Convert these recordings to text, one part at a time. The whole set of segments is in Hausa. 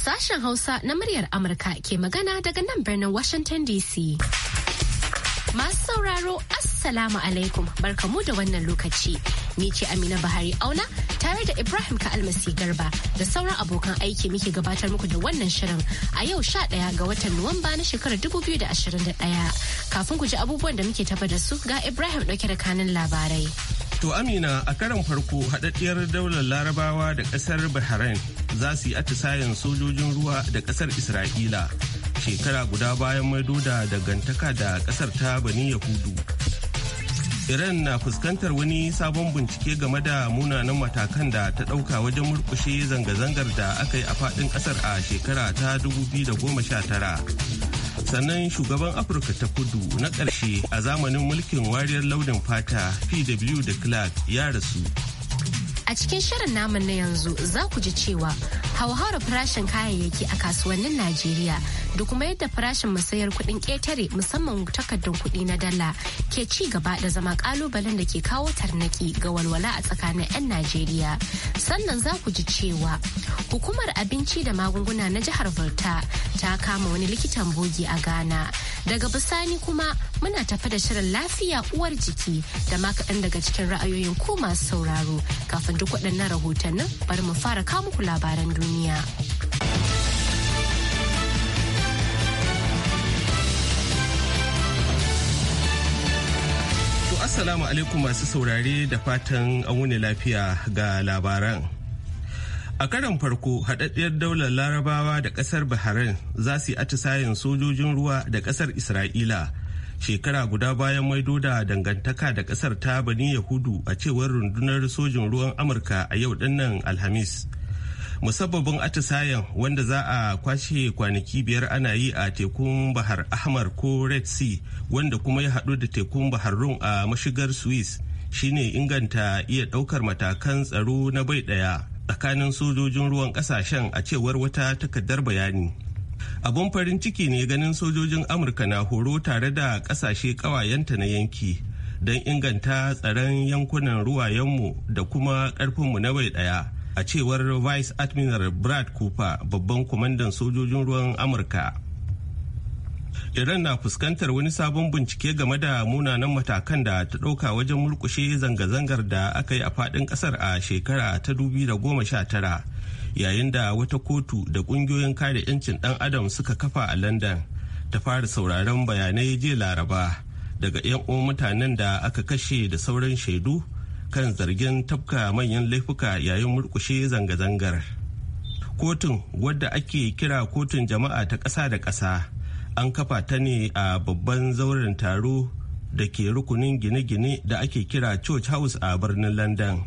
Sashen Hausa na muryar Amurka ke magana daga nan birnin Washington DC. Masu sauraro Assalamu alaikum barkamu da wannan lokaci. Ni ce Amina Bahari Auna tare da Ibrahim Ka'almasi Garba da sauran abokan aiki muke gabatar muku da wannan shirin a yau sha ɗaya ga watan Nuwamba na shekarar 2021. Kafin ku ji abubuwan da muke tafa da su ga Ibrahim ɗauke da kanin labarai. To Amina a karan farko haɗaɗɗiyar daular larabawa da ƙasar Bahrain za su yi atisayen sojojin ruwa da ƙasar Isra'ila shekara guda bayan maido da dangantaka da ƙasar ta Bani Yahudu. Iran na fuskantar wani sabon bincike game da munanan matakan da ta ɗauka wajen murkushe zanga-zangar da aka yi a faɗin ƙasar a shekara ta 2019. sannan shugaban afirka ta kudu na ƙarshe a zamanin mulkin wariyar launin fata pw da clark ya rasu a cikin shirin namun na yanzu za ku ji cewa hauhawar farashin kayayyaki a kasuwannin najeriya da kuma yadda farashin musayar kuɗin ƙetare musamman takardun kuɗi na dala ke ci gaba da zama ƙalubalen da ke kawo tarnaki ga walwala a tsakanin 'yan Najeriya. Sannan za ku ji cewa hukumar abinci da magunguna na jihar Volta ta kama wani likitan bogi a Ghana. Daga bisani kuma muna tafi da shirin lafiya uwar jiki da ma kaɗan daga cikin ra'ayoyin ko masu sauraro kafin duk waɗannan rahotannin bari mu fara kawo muku labaran duniya. Assalamu alaikum masu saurare da fatan an wuni lafiya ga labaran. A karan farko haɗaɗɗiyar daular larabawa da ƙasar Bahrain za su yi atisayen sojojin ruwa da ƙasar Isra'ila. Shekara guda bayan maido da dangantaka da ƙasar ta bani Yahudu a cewar rundunar sojin ruwan Amurka a yau nan Alhamis. musabbabin atisayen wanda za a kwashe kwanaki biyar ana yi a tekun bahar ahmar ko red sea wanda kuma ya haɗu da tekun bahar rum a mashigar swiss shine inganta iya ɗaukar matakan tsaro na bai ɗaya tsakanin sojojin ruwan ƙasashen a cewar wata takardar bayani abun farin ciki ne ganin sojojin amurka na horo tare da ƙasashe ƙawayenta na yanki don inganta tsaron yankunan ruwayenmu da kuma ƙarfinmu na bai ɗaya a cewar vice admiral brad cooper babban kwamandan sojojin ruwan amurka iran na fuskantar wani sabon bincike game da munanan matakan da ta dauka wajen mulkushe zanga-zangar da aka yi a fadin kasar a shekara ta 2019 yayin da wata kotu da kungiyoyin kare 'yancin dan adam suka kafa a london ta fara sauraron bayanai jiya laraba daga 'yan uwan mutanen da aka kashe da sauran shaidu kan zargin tafka manyan laifuka yayin murkushe zanga-zangar kotun wadda ake kira kotun jama'a ta ƙasa da ƙasa an kafa ta ne a babban zauren taro da ke rukunin gine-gine da ake kira church house a birnin london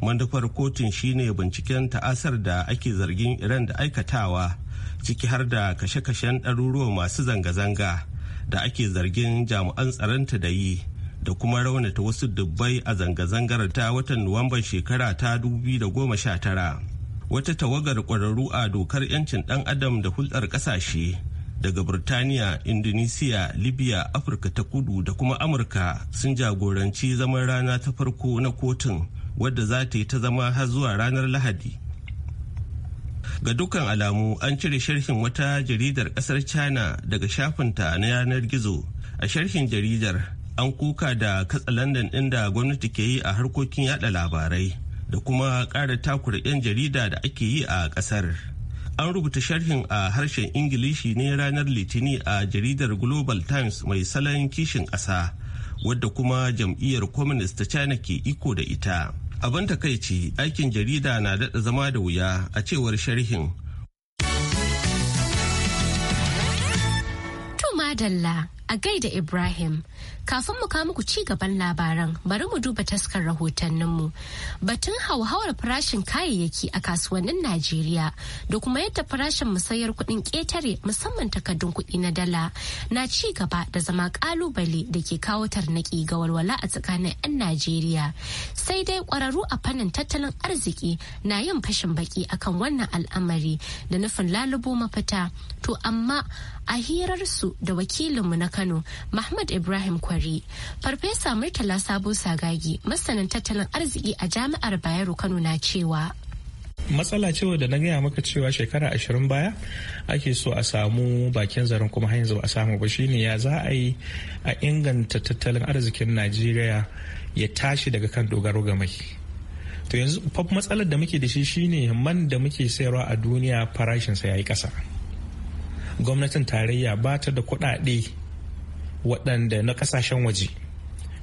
manufar kotun shine binciken ta'asar da ake zargin iran da aikatawa ciki har da kashe-kashen ɗaruruwa masu zanga-zanga da ake zargin jami'an tsaronta da yi da kuma raunata wasu dubbai a zanga-zangar ta watan Nuwamban shekara ta 2019. Wata tawagar ƙwararru a dokar 'yancin ɗan adam da hulɗar ƙasashe daga Burtaniya, Indonesia, Libya, Afirka ta kudu da kuma Amurka sun jagoranci zaman rana ta farko na kotun wadda za ta yi ta zama har zuwa ranar Lahadi. Ga dukkan alamu an cire sharhin wata jaridar ƙasar China daga shafinta na yanar gizo. A sharhin jaridar an kuka da katsalandan ɗin da gwamnati ke yi a harkokin yada labarai da kuma ƙara takura 'yan jarida da ake yi a ƙasar. An rubuta sharhin a harshen Ingilishi ne ranar Litini a jaridar Global Times mai salon kishin ƙasa, wadda kuma jam'iyyar Communist ta China ke iko da ita. Abin takaici aikin jarida na daɗa zama da wuya a cewar sharhin. To madalla. a gaida Ibrahim. Kafin mu muku ci gaban labaran bari mu duba taskar rahotanninmu. Batun hauhawar farashin kayayyaki a kasuwannin Najeriya da kuma yadda farashin musayar kuɗin ƙetare musamman takardun kuɗi na dala na ci gaba da zama ƙalubale da ke kawo tarnaƙi ga walwala a tsakanin 'yan Najeriya. Sai dai ƙwararru a fannin tattalin arziki na yin fashin baki akan wannan al'amari da nufin lalubo mafita. To amma a hirar su da wakilinmu na Kano Mahmud Ibrahim Kwari, Farfesa Murtala Sabo Sagagi, masanin tattalin arziki a Jami'ar Bayero Kano na cewa. matsala cewa da na gaya maka cewa shekara ashirin baya ake so a samu bakin zaren kuma hanyar ba a samu ba shine ya za a yi a inganta tattalin arzikin najeriya ya tashi daga kan dogaro ga mai to yanzu matsalar da muke da shi shine man da muke sayarwa a duniya farashinsa ya yi ƙasa gwamnatin tarayya ba ta da kuɗaɗe waɗanda na kasashen waje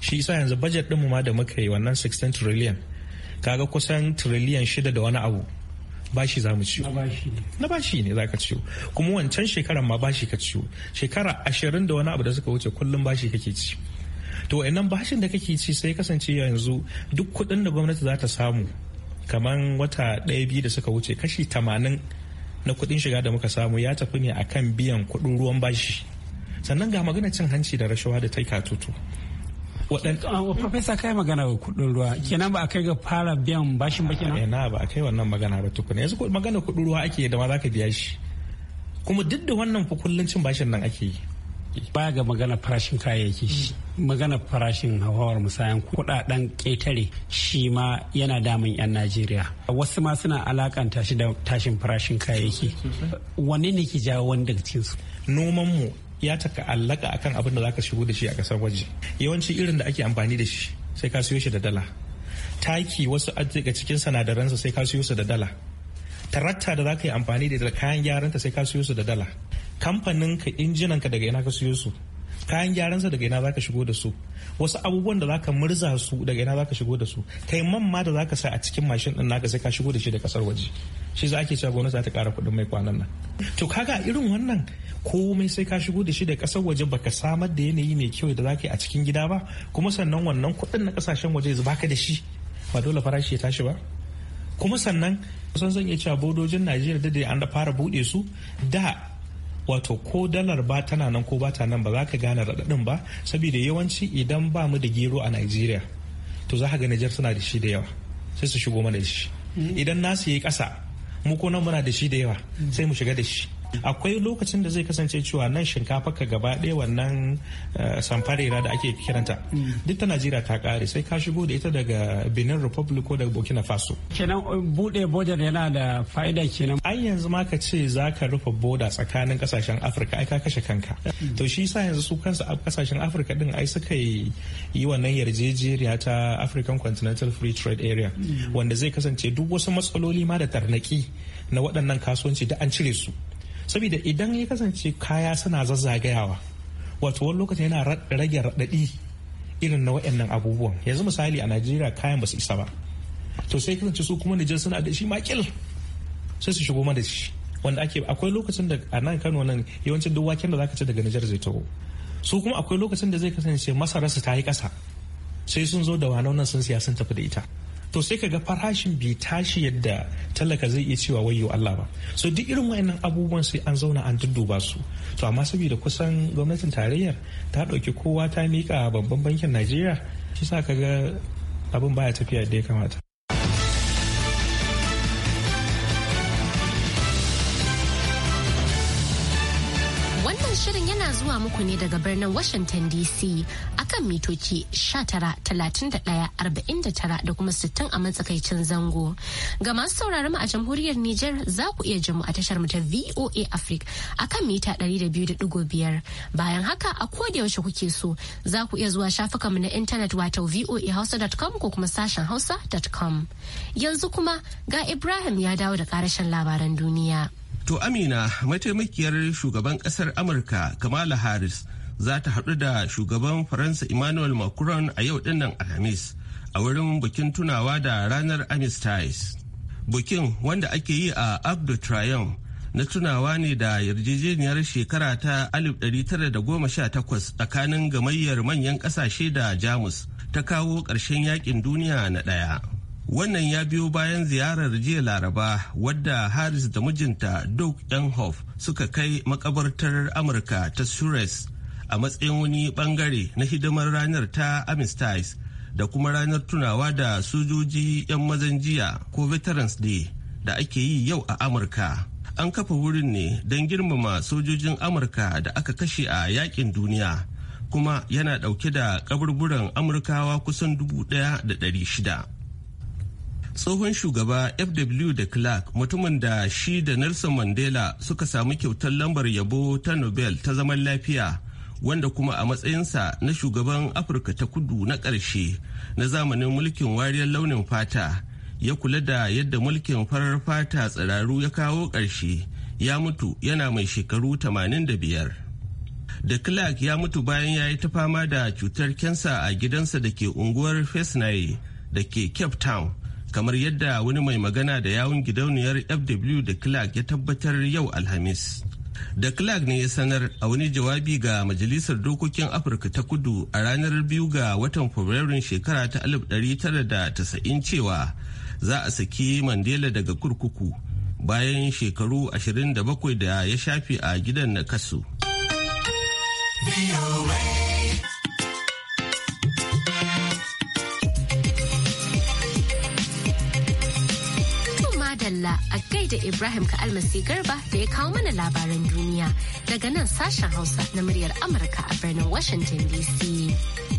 shi isa yanzu ɗin ɗinmu ma da muka yi wannan 16 trillion kaga kusan trillion shida da wani abu bashi za mu ciwo na bashi ne za ka ciwo kuma wancan shekaran ma bashi ka ciwo shekara ashirin da wani abu da suka wuce kullum bashi kake ci to wa'annan bashin da kake ci sai kasance yanzu duk kuɗin da gwamnati za ta samu kamar wata ɗaya biyu da suka wuce kashi tamanin na kuɗin shiga da muka samu ya tafi ne akan biyan kuɗin ruwan bashi sannan ga magana cin hanci da rashawa da taika tutu katutu uh, uh, Profesa kai magana ga kudin ruwa kenan ba a kai ga fara biyan bashin ba kenan? Eh, na ba a kai wannan magana ba tukuna yanzu magana kudin ruwa ake da ma za ka biya shi kuma duk da wannan fa cin bashin nan ake yi. Baya ga magana farashin kayayyaki hmm. magana farashin hauhawar musayan kudaden ketare shi ma yana damun 'yan Najeriya. Wasu ma suna alakanta shi da tashin farashin kayayyaki. Wanne ne ke jawo wani daga cikinsu? mu. ya ta'allaka akan abin da zaka shigo da shi a kasar waje yawanci irin da ake amfani da shi sai ka siyo shi da dala taki wasu daga cikin sanadaransa sai ka siyo su da dala tarakta da zaka yi amfani da kayan gyaranta sai ka siyo su da dala kamfanin ka injinan daga ina ka siyo su kayan gyaran sa daga ina zaka shigo da su wasu abubuwan da zaka murza su daga ina zaka shigo da su kai man ma da zaka sa a cikin mashin din naka sai ka shigo da shi da kasar waje shi za ake cewa gwamnati ta kara kuɗin mai kwanan nan to kaga irin wannan komai sai ka shigo da shi da kasar waje baka samar da yanayi mai kyau da zaka yi a cikin gida ba kuma sannan wannan kuɗin na kasashen waje baka da shi ba dole farashi ya tashi ba kuma sannan kusan zan iya cewa bodojin najeriya da da an da fara buɗe su da wato ko dalar ba tana nan ko ba ta nan ba za ka gane raɗaɗin ba saboda yawanci idan ba mu da gero a Najeriya to za ka ga Nijar suna da shi da yawa sai su shigo mana da shi mm. idan nasu yi ƙasa mu ko nan muna da shi da yawa mm. sai mu shiga da shi akwai lokacin da zai kasance cewa nan shinkafa ka gaba ɗaya wannan eh, samfarera da ake kiranta duk ta najeriya ta kare sai ka shigo da ita daga benin republic ko daga burkina faso kenan eh, buɗe border yana da fa'ida kenan ai yanzu ma ka ce za ka rufe boda tsakanin kasashen afirka ai ka kashe kanka to shi sa yanzu su kansu kasashen afirka din ai suka yi wannan yarjejeniya ta african continental free trade area wanda zai kasance duk wasu matsaloli ma da tarnaki na waɗannan kasuwanci da an cire su saboda idan ya kasance kaya suna zazzagayawa wato wani lokacin yana rage raɗaɗi irin na waɗannan abubuwan yanzu misali a najeriya kayan ba su isa ba to sai kasance su kuma nijar suna da shi makil sai su shigo mana da shi wanda ake akwai lokacin da a nan kano nan yawancin duk waken da zaka ci daga nijar zai taho su kuma akwai lokacin da zai kasance masararsu ta yi kasa. sai sun zo da wanan nan sun siya sun tafi da ita to sai ka ga farashin bai tashi yadda talaka zai iya cewa wayo Allah ba so duk irin wayannan abubuwan sai an zauna an dudduba su to amma saboda kusan gwamnatin tarayyar ta ɗauki kowa ta mika babban bankin Najeriya shi sa ka ga abin baya tafiya da ya kamata zuwa muku ne daga birnin Washington DC akan mitoci 19,31,49 da kuma 60 a matsakaicin zango. Ga masu sauraron mu a jamhuriyar Nijar za ku iya jimu a tashar mu ta VOA Africa akan mita 200.5. Bayan haka a koda yaushe kuke so za ku iya zuwa mu na intanet wato voahausa.com ko kuma sashen hausa.com. Yanzu kuma ga Ibrahim ya dawo da karashin labaran duniya. To Amina mataimakiyar shugaban ƙasar Amurka Kamala Harris za ta haɗu da shugaban Faransa Emmanuel Macron a yau dinnan Alhamis a wurin bikin tunawa da ranar Amistice. Bikin wanda ake yi a Abdo Trayon na tunawa ne da yarjejeniyar shekara ta 1918 tsakanin gamayyar manyan ƙasashe da Jamus ta kawo ƙarshen yakin duniya na ɗaya. Wannan ya biyo bayan ziyarar jiya Laraba wadda Harris da mijinta Doug Enhoff suka kai makabartar Amurka ta Suez a matsayin wani bangare na hidimar ranar ta Armistice da kuma ranar tunawa da sojoji 'yan mazan jiya ko Veterans Day da ake yi yau a Amurka. an kafa wurin ne don girmama sojojin amurka da aka kashe a yakin duniya kuma yana dauke da kaburburan amurkawa kusan dubu da shida. tsohon shugaba fw de clark mutumin da shi da nelson mandela suka samu kyautar lambar yabo ta nobel ta zaman lafiya wanda kuma a matsayinsa na shugaban afirka ta kudu na ƙarshe na zamanin mulkin wariyar launin fata ya kula da yadda mulkin farar fata tsiraru ya kawo ƙarshe ya mutu yana mai shekaru 85 da clark ya mutu bayan ya yi ta fama da cutar kensa a gidansa da ke unguwar fesnaye da ke cape town kamar yadda wani mai magana da yawun gidauniyar fw da clark ya tabbatar yau alhamis da clark ne ya sanar a wani jawabi ga majalisar dokokin afirka ta kudu a ranar biyu ga watan fabrairun shekara ta 1990 cewa za a saki mandela daga kurkuku bayan shekaru 27 da ya shafe a gidan na kasu. Madalla a gaida Ibrahim ka almasi garba da ya kawo mana labaran duniya daga nan sashen Hausa na muryar Amurka a birnin Washington DC.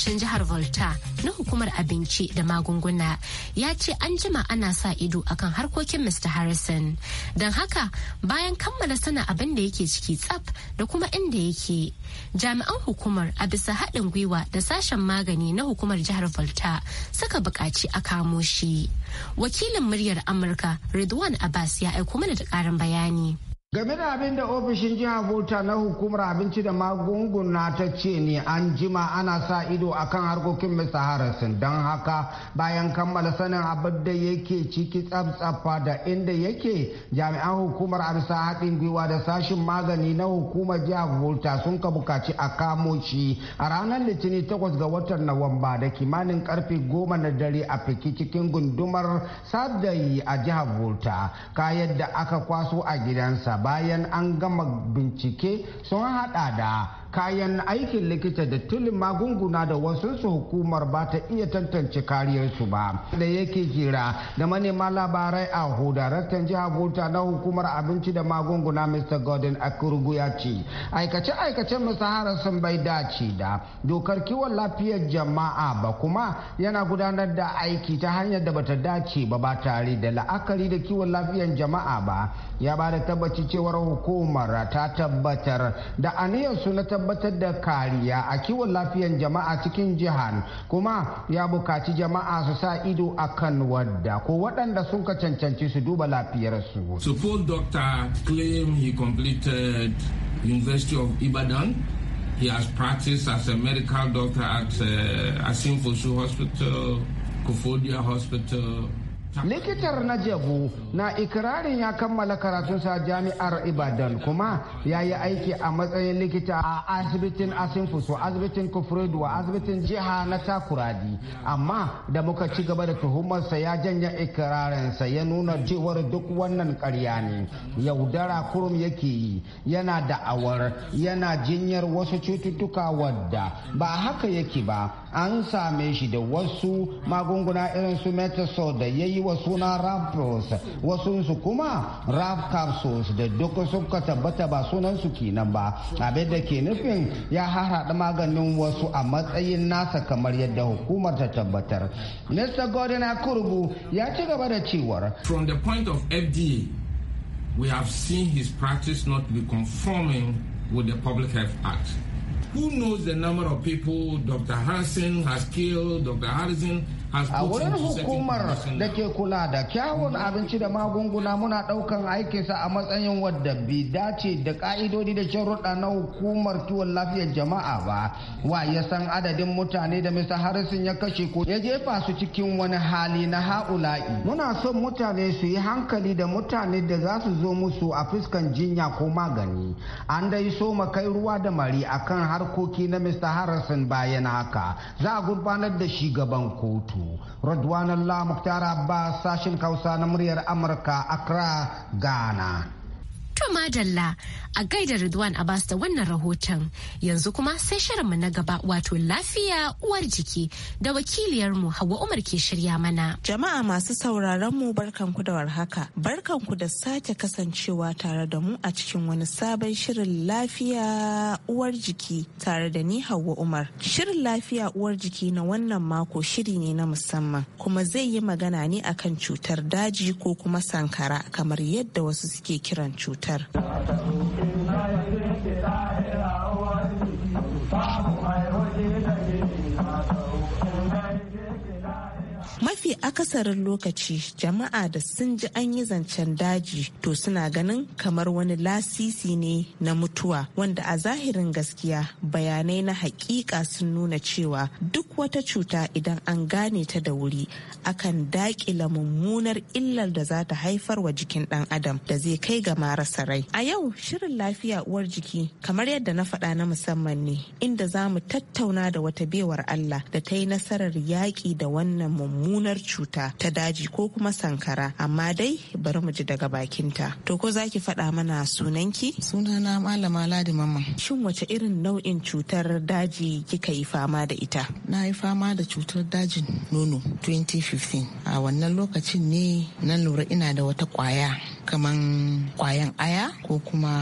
ofishin jihar Volta na hukumar abinci da magunguna ya ce an jima ana sa ido akan harkokin Mr. Harrison. Don haka bayan kammala sana abin da yake ciki tsaf da kuma inda yake. Jami'an hukumar a bisa haɗin gwiwa da sashen magani na hukumar jihar Volta suka buƙaci a kamo shi. Wakilin muryar Amurka Ridwan Abbas ya aiko mana da ƙarin bayani. game da abin da ofishin jiha volta na hukumar abinci da magunguna ta ce ne an jima ana sa ido akan harkokin mr harrison don haka bayan kammala sanin abin da yake ciki tsabtsafa da inda yake jami'an hukumar a haɗin gwiwa da sashin magani na hukumar jiha volta sun ka bukaci a kamo shi a ranar litinin 8 ga watan nawamba da kimanin karfe 10 na dare a fiki cikin gundumar sadayi a jihar volta kayan da aka kwaso a gidansa bayan an gama bincike sun hada da kayan aikin likita da tulin magunguna da wasu su hukumar ba ta iya tantance kariyarsu ba da yake jira da manema labarai a hu jihar bauta na hukumar abinci da magunguna mr gordon akurugu ya ce aikace aikace musahara sun bai dace da dokar kiwon lafiyar jama'a ba kuma yana gudanar da aiki ta hanyar da bata dace ba ba tare da la'akari da kiwon lafiyar jama'a ba ya ba da tabbaci cewar hukumar ta tabbatar da aniyar su na tabbatar da kariya a kiwon lafiyan jama'a cikin jihar kuma ya bukaci jama'a su sa ido a kan wadda ko waɗanda sun ka cancanci su duba lafiyarsu. Suppose doctor claim he completed University of Ibadan He has practiced as a medical doctor at uh, Asimfosu Hospital, Kofodia Hospital, likitar na jabu na ikirarin ya kammala karatun sa jami'ar ibadan kuma ya yi aiki a matsayin likita a asibitin asinfusu asibitin kufredu a asibitin jiha na takuradi amma da muka ci gaba da tuhumarsa ya janya ikirarinsa ya nuna cewar duk wannan karya ne yaudara kurum yake yi yana da'awar yana jinyar wasu cututtuka wadda ba haka yake ba an same shi da wasu magunguna irin su metasol da ya yi wa suna rapros wasunsu kuma rap capsules da duk suka tabbata ba sunansu kenan ba abin da ke nufin ya harhaɗa maganin wasu a matsayin nasa kamar yadda hukumar ta tabbatar mr gordon akurubu ya ci gaba da cewar from the point of fda we have seen his practice not be conforming with the public health act Who knows the number of people Dr. Harrison has killed, Dr. Harrison a wurin hukumar da ke kula da kyawun abinci da magunguna muna daukan aikinsa a matsayin wadda bi dace da ka'idodi da sharuɗa na hukumar kiwon lafiyar jama'a ba wa ya san adadin mutane da mr harrison ya kashe ko ya jefa su cikin wani hali na ha'ula'i muna son mutane su yi hankali da mutane da za su zo musu a fuskan jinya ko magani an dai so kai ruwa da mari akan harkoki na Mr. Harrison bayan haka za a gurbanar da shi gaban kotu. Radwan Allah Muktar Abbas sashen Hausa na muryar Amurka Accra, Ghana. To madalla a gaida Ridwan Abbas da wannan rahoton yanzu kuma sai shirinmu na gaba wato lafiya uwar jiki da wakiliyar mu Hauwa Umar ke shirya mana. Jama'a masu sauraron mu barkanku da warhaka. Barkanku da sake kasancewa tare da mu a cikin wani sabon shirin lafiya uwar jiki tare da ni Hauwa Umar. Shirin lafiya uwar jiki na wannan mako shiri ne na musamman kuma zai yi magana ne akan cutar daji ko kuma sankara kamar yadda wasu suke kiran cutar. cutar. mafi akasarin lokaci jama'a da sun ji an yi zancen daji to suna ganin kamar wani lasisi ne na mutuwa wanda a zahirin gaskiya bayanai na hakika sun nuna cewa duk wata cuta idan an gane ta da wuri akan daƙila mummunar illar da za ta haifar wa jikin ɗan adam da zai kai ga marasa rai a yau shirin lafiya uwar jiki kamar yadda na faɗa na musamman ne inda za mu tattauna da wata bewar allah da ta yi nasarar yaƙi da wannan mummunar mummunar cuta ta daji ko kuma sankara amma dai bari mu ji daga bakinta to ko zaki faɗa mana sunanki sunana malama ladi mamman shin wace irin nau'in cutar daji kika yi fama da ita na yi fama da cutar dajin nono 2015 a wannan lokacin ne na lura ina da wata kwaya kaman kwayan aya ko kuma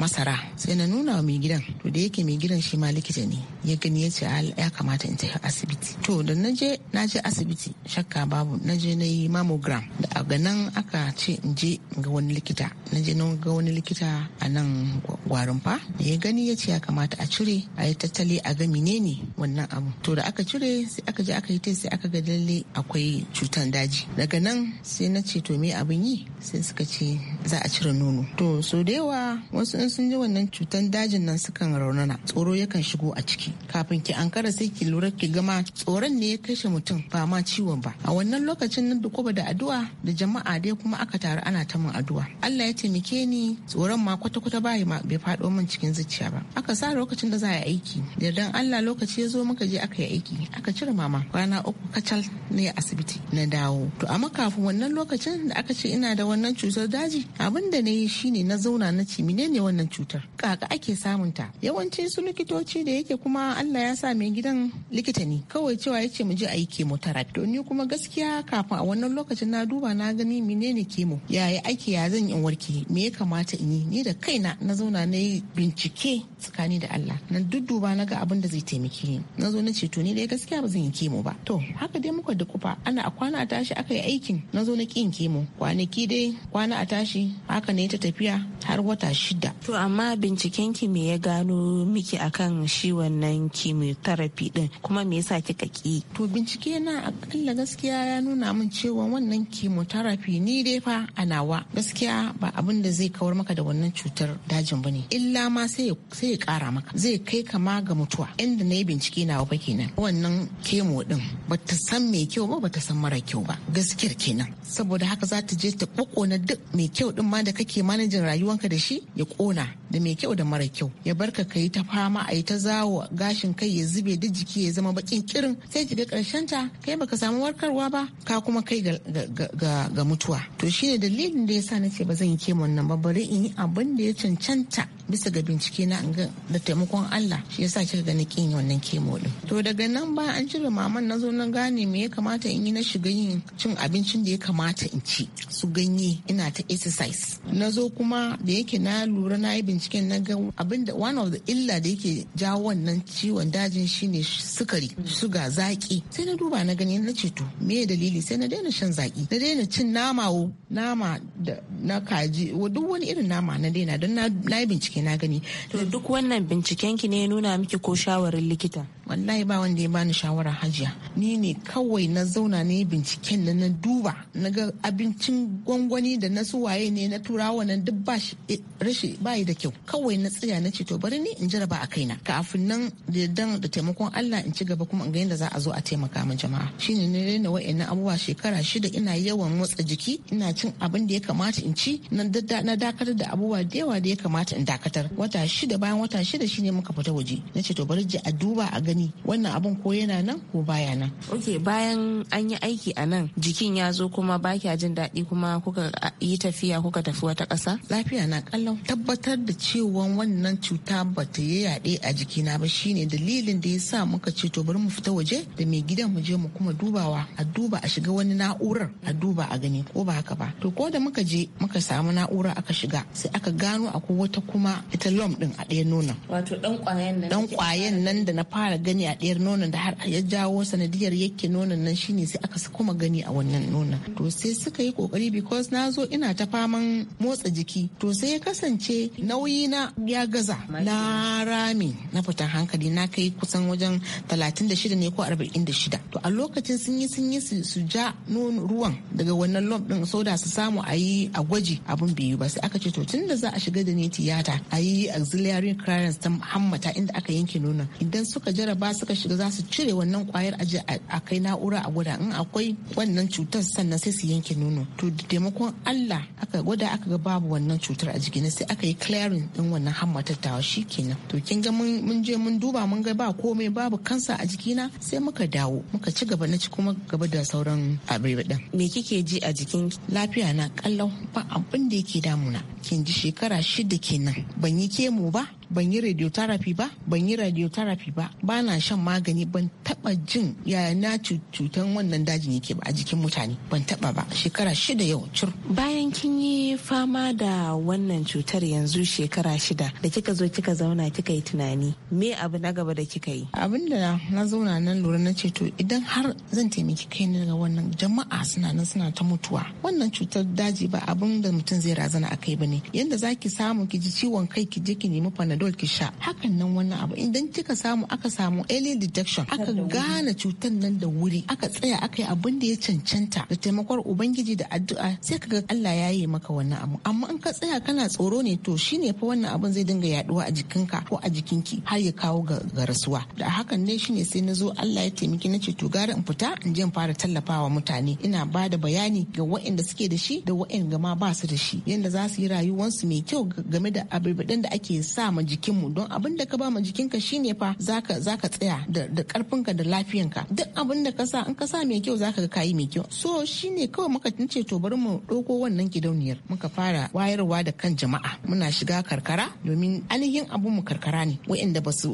masara sai na nuna wa mai gidan to da yake mai gidan shi ma likita ne ya gani ya ce ya kamata in tafi asibiti to da na je na je asibiti shakka babu na je na yi mammogram Daga nan aka ce in je ga wani likita na je na ga wani likita a nan gwarin fa ya gani ya ce ya kamata a cire a yi tattali a ga menene wannan abu to da aka cire sai aka je aka yi sai aka ga lalle akwai cutan daji daga nan sai na ce to me abin yi sai suka ce za a cire nono to so da yawa wasu in sun ji wannan cutan dajin nan sukan raunana tsoro yakan shigo a ciki kafin ki ankara sai ki lura ki gama tsoron ne ya kashe mutum ba ma ciwon ba a wannan lokacin na dukuba da addu'a da jama'a dai kuma aka taru ana ta min addu'a Allah ya taimake ni tsoron ma kwata kwata bai bai faɗo min cikin zuciya ba aka sa lokacin da za a yi aiki da dan Allah lokaci ya zo muka je aka yi aiki aka cire mama kwana uku kacal ne asibiti na dawo to amma kafin wannan lokacin da aka ce ina da wannan cutar daji abin da na yi shine na zauna na ci menene wannan cutar kaka ake samun ta yawanci su likitoci da yake kuma Allah ya sa mai gidan likita ne kawai cewa yace mu je a yi to ni kuma gaskiya kafin a wannan lokacin na duba na gani menene kemo yaya aiki ya zan in warke me ya kamata in yi ni da kaina na zauna na yi bincike tsakani da Allah na dudduba na ga abin da zai taimake ni na zo na ce to ni dai gaskiya ba zan yi kemo ba to haka dai muka dukufa ana a kwana a tashi aka yi aikin na zo na kin kemo kwanaki dai kwana a tashi haka ne ta tafiya har wata shida to amma binciken ki me ya gano miki akan shi wannan chemotherapy din kuma me yasa kika ki to bincike na akalla gaskiya gaskiya ya nuna min cewa wannan chemotherapy ni dai fa a nawa gaskiya ba abin da zai kawar maka da wannan cutar dajin bane illa ma sai ya kara maka zai kai kama ga mutuwa inda na yi bincike nawa fa kenan wannan kemo din ta san mai kyau ba bata san mara kyau ba gaskiyar kenan saboda haka za ta je ta kokona duk mai kyau din ma da kake manajin rayuwanka da shi ya kona da mai kyau da mara kyau ya barka ka yi ta fama a yi ta zawo gashin kai ya zube da jiki ya zama bakin kirin sai kiga karshen ta kai baka samu warkarwa ba ka kuma kai ga, mutuwa to shine dalilin da yasa nace ba zan yi kemon nan ba bari in yi abin da ya cancanta bisa ga bincike na ga da taimakon Allah shi yasa kika ga nikin wannan kemo din to daga nan ba an cire maman na zo na gane me ya kamata in yi na shiga yin cin abincin da ya kamata in ci su ganye ina ta exercise na zo kuma da yake na lura na yi bincike binciken na ga abinda one of the illa da yake jawo wannan ciwon dajin shine sukari suga zaki sai na duba na gani na ce to me dalili sai na daina shan zaki na daina cin nama wo nama da na kaji duk wani irin nama na daina don na yi bincike na gani to duk wannan binciken ki ne ya nuna miki ko shawarin likita wallahi ba wanda ya bani shawara hajiya ni ne kawai na zauna ne binciken na na duba na ga abincin gwangwani da na su waye ne na turawa nan duk ba eh, rashi ba da kyau kawai na tsaya na ce to bari ni in jaraba a kaina kafin nan da dan da taimakon Allah in ci gaba kuma in ga yadda za a zo a taimaka min jama'a shine ne na wa'annan abubuwa shekara shida ina yawan motsa jiki ina cin abin da ya kamata in ci na dakatar da abubuwa da yawa da ya kamata in dakatar wata shida bayan wata shida shine muka fita waje na ce to bari a duba a gani gani wannan abin ko yana nan ko baya nan ok bayan an yi aiki a nan jikin ya zo kuma ba kya jin daɗi kuma kuka yi tafiya kuka tafi wata ƙasa lafiya na kallon tabbatar da cewa wannan cuta bata ta yi yaɗe a jikina ba shine dalilin da ya sa muka ce to bari mu fita waje da mai gidan mu je mu kuma dubawa a duba a shiga wani na'urar a duba a gani ko ba haka ba to ko da muka je muka samu na'ura aka shiga sai aka gano akwai wata kuma ita lom din a ɗaya nonon wato dan kwayan nan da na fara gani a ɗayar nonon da har ya jawo sanadiyar yake nonon nan shine sai aka kuma gani a wannan nonon to sai suka yi kokari because na zo ina ta faman motsa jiki to sai ya kasance nauyi na ya gaza na rami na fitan hankali na kai kusan wajen 36 ne ko 46 to a lokacin sun yi sun yi su ja nono ruwan daga wannan lump din soda su samu a yi a gwaji abun bai yi ba sai aka ce to tunda za a shiga da ne tiyata a yi auxiliary clearance ta hammata inda aka yanke nonon idan suka jara ba suka shiga za su cire wannan kwayar aji a kai na'ura a gwada in akwai wannan cutar sannan sai su yanke nono to da taimakon allah aka gwada aka ga babu wannan cutar a na sai aka yi clearing din wannan hammatattawa shi kenan to kin ga mun je mun duba mun ga ba komai babu kansa a jikina sai muka dawo muka ci gaba na ci kuma gaba da sauran abin me kike ji a jikin lafiya na kallon ba abin da yake damuna kin ji shekara shida kenan ban yi kemo ba ban yi radiotherapy ba ban yi radiotherapy ba ba na shan magani ban taba jin yaya na cutan wannan dajin yake ba a jikin mutane ban taba ba shekara shida yau cur bayan kin yi fama da wannan cutar yanzu shekara shida da kika zo kika zauna kika yi tunani me abu na gaba da kika yi abin da na zauna nan lura na ce to idan har zan taimaki kai daga wannan jama'a suna nan suna ta mutuwa wannan cutar daji ba abin da mutum zai razana a kai ba ne yanda zaki samu ki ji ciwon kai ki je ki nemi fana panadol ki sha hakan nan wannan abu idan kika samu aka samu early detection aka gane cutar nan da wuri aka tsaya aka yi abin da ya cancanta da taimakon ubangiji da addu'a sai ka ga Allah ya yi maka wannan abu amma in ka tsaya kana tsoro ne to shine fa wannan abin zai dinga yaduwa a jikinka ko a jikin ki. har ya kawo ga rasuwa da hakan ne shine sai na zo Allah ya taimaki na ce to gara in fita in je in fara tallafawa mutane ina ba da bayani ga waɗanda suke da shi da waɗanda ma ba su da shi yadda za su yi rayuwarsu mai kyau game da abubuwan da ake sa ma jikinmu don abin da ka ba ma jikinka shine fa zaka zaka tsaya da karfinka da lafiyanka duk abin da ka sa in ka sa mai kyau zaka ga kayi mai kyau so shine kawai muka tunce to bari mu doko wannan gidauniyar muka fara wayarwa da kan jama'a muna shiga karkara domin alihin abun mu karkara ne wa'anda ba su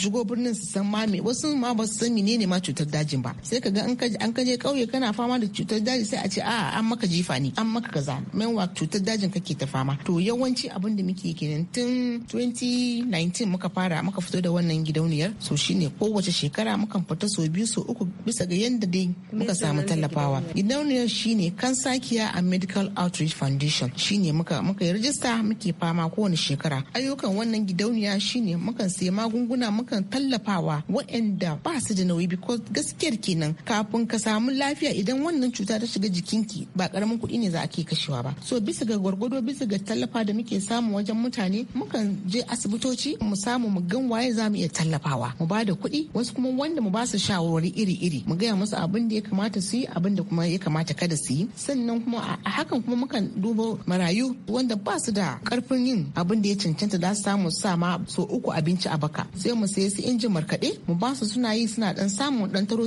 shigo birnin su san ma me wasu ma ba san menene ma cutar dajin ba sai ka ga an ka je kauye kana fama da cutar daji sai a ce a an maka jifa ne an maka kaza menwa cutar dajin kake ta fama to yawanci abin da muke kenan tun 2019 muka fara muka fito da wannan gidauniyar so shine kowace shekara muka fita so biyu so uku bisa ga yadda dai muka samu tallafawa gidauniyar shine kansakiya a medical outreach foundation shine muka muka yi rajista muke fama kowane shekara ayyukan wannan gidauniya shine muka sai magunguna muka tallafawa waɗanda ba su da nauyi because gaskiyar kenan kafin ka samu lafiya idan wannan cuta ta shiga jikinki ba karamin kuɗi ne za a ke kashewa ba so bisa ga gwargwado bisa ga tallafa da muke samu wajen mutane mukan je asibitoci mu samu mu gan waye za mu iya tallafawa mu ba da kuɗi wasu kuma wanda mu ba su shawarwari iri-iri mu gaya musu abin da ya kamata su yi abin da kuma ya kamata kada su yi sannan kuma a hakan kuma mukan duba marayu wanda ba su da karfin yin abin da ya cancanta da su samu sa ma so uku abinci a baka sai mu sayi su injin markaɗe mu ba su suna yi suna dan samun dan taro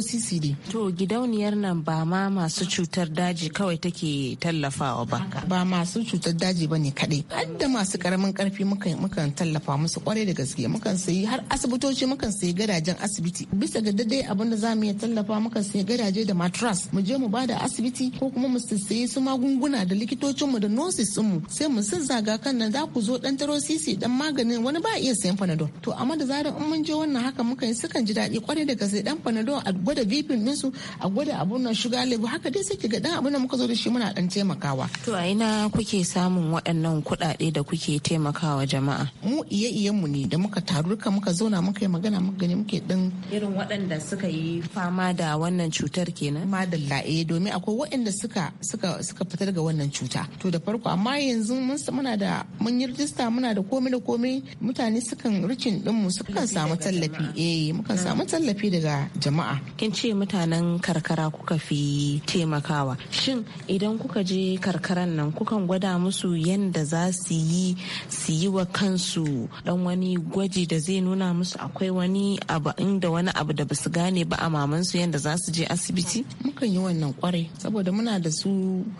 to gidauniyar nan ba ma masu cutar daji kawai take tallafawa ba. ba masu cutar daji ba ne kaɗai har da masu karamin karfi mukan tallafa tallafa musu kwarai da gaske mukan sayi har asibitoci mukan sayi gadajen asibiti bisa ga daidai abin da zamu iya tallafa mukan sayi gadaje da matras mu je mu bada asibiti ko kuma mu sayi su magunguna da likitocin mu da nurses din mu sai mu zaga kan nan za ku zo dan taro sisi dan maganin wani ba iya sayan panadol to amma da zarar in mun je wannan haka mukan sukan ji dadi kwarai da gaske dan panadol a gwada vipin din su a gwada abun nan shuga lebu haka dai sai ga dan abun da muka zo da shi muna dan taimakawa to a ina kuke samun waɗannan kuɗaɗe da kuke taimakawa jama'a mu iye mu ne da muka taru ka muka zauna muka yi magana muka gani muke din irin waɗanda suka yi fama da wannan cutar kenan madalla eh domin akwai waɗanda suka suka suka fita daga wannan cuta to da farko amma yanzu mun muna da mun yi rijista muna da komai da komai mutane sukan rikin din mu sukan samu tallafi eh mukan samu tallafi daga jama'a kin ce mutanen karkara kuka fi taimakawa shin idan kuka je karkaran nan kukan gwada musu yanda za su yi su yi wa kansu su dan wani gwaji da zai nuna musu akwai wani abu inda wani abu da basu gane ba a maman su yanda za su je asibiti mukan yi wannan kwarai saboda muna da su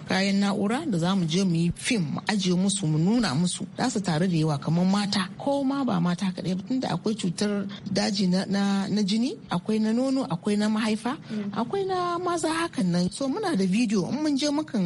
kayan na'ura da za mu je mu yi fim mu ajiye musu mu nuna musu za su tare da yawa kamar mata ko ma ba mata kaɗai ba tunda akwai cutar daji na, jini akwai na nono akwai na mahaifa akwai na maza hakan nan so muna da bidiyo in mun je mukan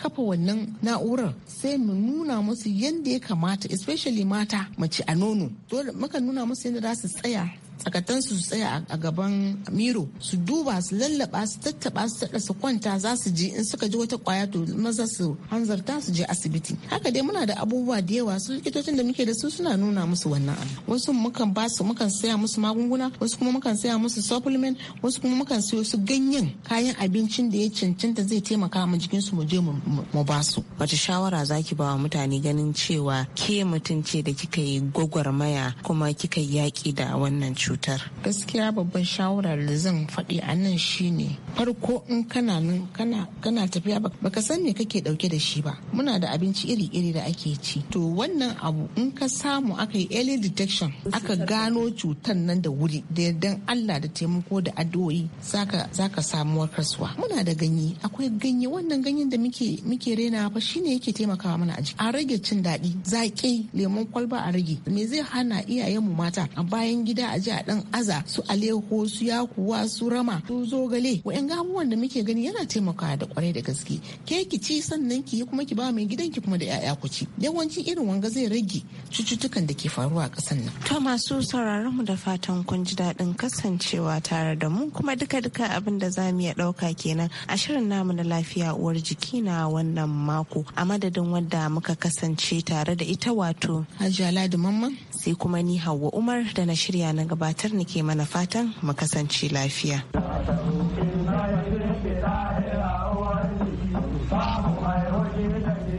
kafa wannan na'urar sai mu nuna musu yadda ya kamata especially mata mu mace a nono dole muka nuna musu yadda za su tsaya tsakatan su tsaya a gaban miro su duba su lallaba su tattaba su tada su kwanta za su ji in suka ji wata kwaya to maza su hanzarta su je asibiti haka dai muna da abubuwa da yawa su likitocin da muke da su suna nuna musu wannan abu wasu mukan ba su mukan saya musu magunguna wasu kuma mukan saya musu supplement wasu kuma mukan siyo su ganyen kayan abincin da ya cancanta zai taimaka mu jikin su mu je mu ba su wata shawara zaki ba wa mutane ganin cewa ke mutum ce da kika yi gwagwarmaya kuma kika yaki da wannan cuta cutar gaskiya babban shawarar da zan faɗi a nan shine farko in kana nan kana kana tafiya baka san me kake dauke da shi ba muna da abinci iri-iri da ake ci to wannan abu in ka samu aka yi early detection aka gano cutar nan da wuri da yardan Allah da taimako da addu'o'i zaka zaka samu warkaswa muna da ganye akwai ganye wannan ganyen da muke muke rena fa shine yake taimakawa mana a jiki a rage cin daɗi zaƙi lemon kwalba a rage me zai hana iyayenmu mata a bayan gida a je muna aza su alehu su yakuwa su rama su zogale wa'yan abubuwan da muke gani yana taimakawa da kwarai da gaske ke ki ci sannan ki kuma ki ba mai gidan ki kuma da 'ya'ya ku ci yawancin irin wanga zai rage cututtukan da ke faruwa a ƙasar nan. to masu sauraron mu da fatan kun ji daɗin kasancewa tare da mu kuma duka-duka abin da za mu iya ɗauka kenan a shirin namu na lafiya uwar jiki na wannan mako a madadin wadda muka kasance tare da ita wato hajjala da mamman sai kuma ni Hauwa Umar da na shirya na gabatar nake mana fatan mu kasance lafiya.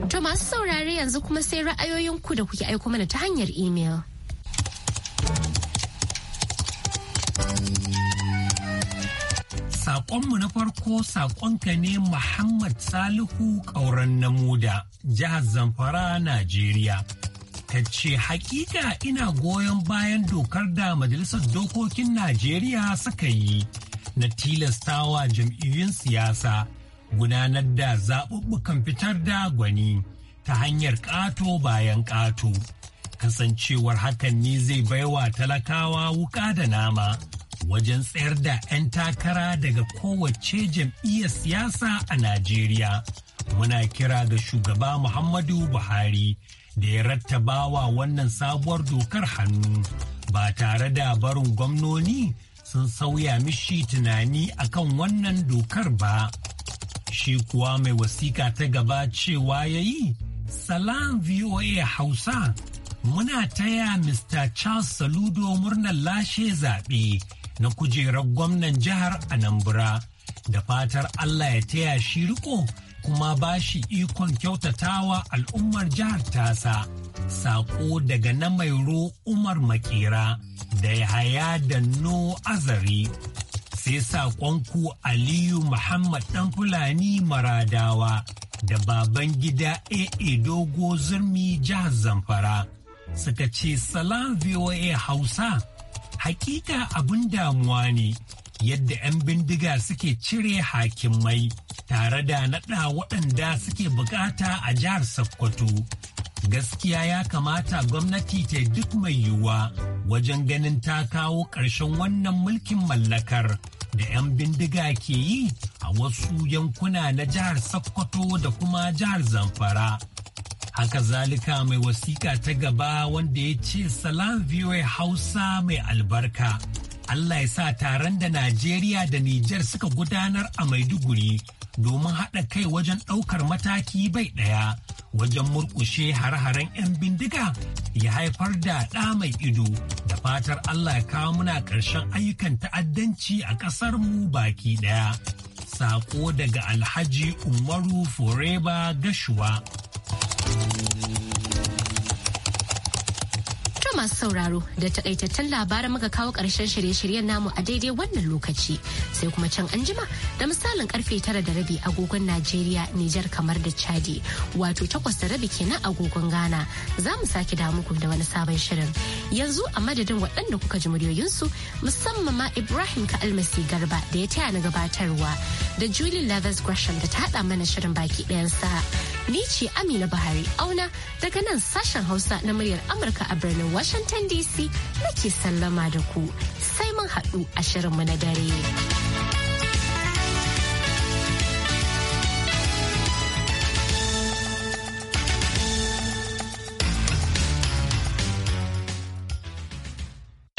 To masu saurare yanzu kuma sai ra'ayoyinku da kuke aiko mana ta hanyar imel. Saƙonmu na farko saƙonka ne Muhammad Salihu ƙauren Namuda, jihar Zamfara, Najeriya. ta ce hakika ina goyon bayan dokar da majalisar dokokin najeriya suka yi na tilastawa jam'iyyun siyasa gudanar da zaɓuɓɓukan fitar da gwani ta hanyar ƙato bayan ƙato kasancewar hakan ne zai baiwa talakawa wuƙa da nama wajen tsayar da 'yan takara daga kowace jam'iyyar siyasa a najeriya muna kira ga shugaba muhammadu buhari da ya rattabawa wannan sabuwar dokar hannu ba tare da barin gwamnoni sun sauya mishi tunani akan wannan dokar ba. Shi kuwa mai wasiƙa ta gaba cewa ya yi, Salam VOA Hausa, muna taya Mr. Charles Saludo murnar lashe zaɓe na kujerar gwamnan jihar Anambra da fatar Allah ya taya shi riko kuma ba shi ikon kyautatawa al'ummar jihar tasa. saƙo daga na mai Umar Makera da haya da No Azari. Sai saƙonku Aliyu Muhammad ɗan Fulani Maradawa da baban gida AA Dogo Zurmi jihar Zamfara. Suka ce Salam VOA Hausa, hakika abin damuwa ne. yadda 'yan bindiga suke cire hakimai tare da naɗa waɗanda suke bukata a jihar Sokoto. Gaskiya ya kamata gwamnati ta duk mai yiwuwa wajen ganin ta kawo ƙarshen wannan mulkin mallakar da 'yan bindiga ke yi a wasu yankuna na jihar Sokoto da kuma jihar Zamfara. haka zalika mai wasiƙa ta gaba wanda ya ce salam hausa mai albarka Allah ya sa taron da Najeriya da Nijar suka gudanar a Maiduguri domin haɗa kai wajen ɗaukar mataki bai ɗaya wajen murƙushe har-haren 'yan bindiga ya haifar da ɗa mai ido da fatar Allah ya kawo muna ƙarshen ayyukan ta'addanci a ƙasar mu baki ɗaya. Saƙo daga Alhaji Umaru Foreba gashua. To masu sauraro da takaitattun labaran muka kawo ƙarshen shirye-shiryen namu a daidai wannan lokaci sai kuma can anjima da misalin karfe tara da rabi agogon Najeriya Nijar kamar da Chadi wato takwas da rabi kenan agogon Ghana za mu sake da muku da wani sabon shirin yanzu a madadin waɗanda kuka ji muryoyinsu musamman ma Ibrahim ka almasi garba da ya taya na gabatarwa da Julie Leathers Gresham da ta haɗa mana shirin baki ɗayan sa'a Ni ce Amina Buhari auna daga nan sashen Hausa na muryar Amurka a birnin Washington DC nake sallama da ku sai mun haɗu a shirinmu na dare.